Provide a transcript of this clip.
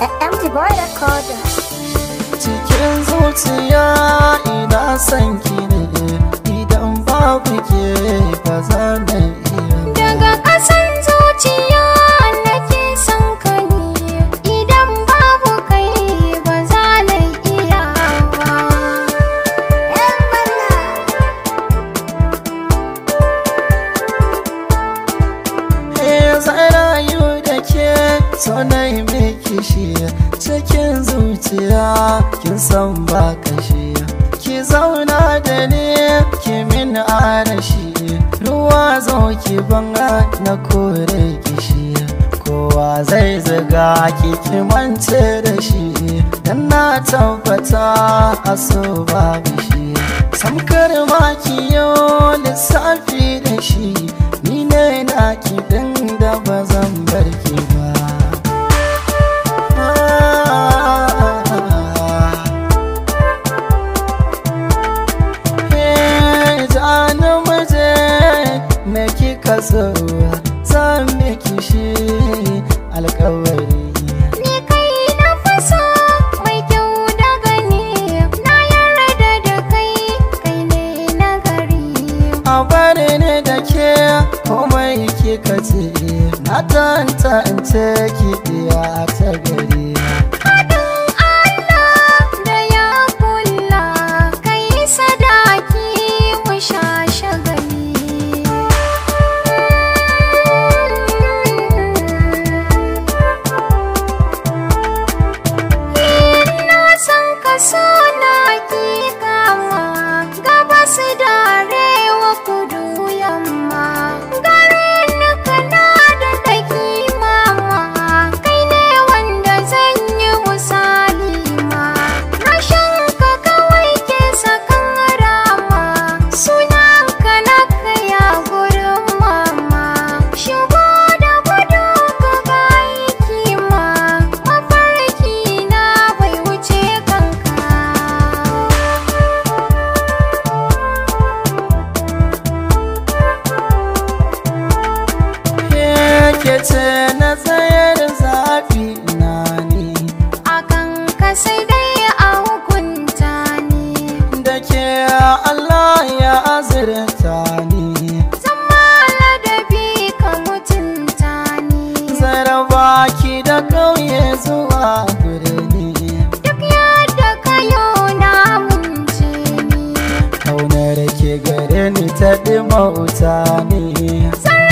MG Boy Recorder Cikin zuciya ina son ki ne idan babu ke ba za na iya Daga ƙasan zuciya nake son ka ne idan babu kai ba za na iya ba Yan bana Eh zara so mai kishi. cikin zuciya kin san ba kashi ki zauna da ni ki min arashi ruwa zauki banga na kore kishi kowa zai zaga ki kimance da shi dan na tabbata a so ba samkar ma ki yi lissafi da shi ni ne na ki dan da bazan so san miki shi alkawari ni kai na fasa mai kyau daga ne. na yarda da kai kai ne nagari. gari a bari ne da ke komai kika ce na tantance ki iya ce na tsayar zafi na ne akan ka sai dai a hukunta ne da ke Allah ya azurta ne zama ladabi ka mutunta ne zaraba ki da kauye zuwa birni duk yadda ka yau na munce ni kaunar ke gare ni ta ɗi ne